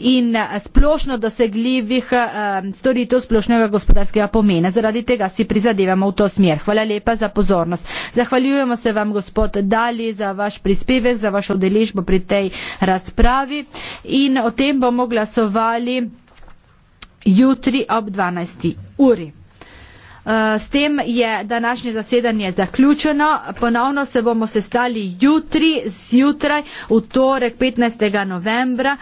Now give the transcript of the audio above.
in eh, splošno dosegljivih eh, storitev splošnega gospodarskega pomena. Zaradi tega si prizadevamo v to smer. Hvala lepa za pozornost. Zahvaljujemo se vam, gospod Dali, za vaš prispevek, za vašo deležbo pri tej razpravi in o tem bomo glasovali jutri ob 12. uri. Eh, s tem je današnje zasedanje zaključeno. Ponovno se bomo sestali jutri, zjutraj, v torek 15. novembra.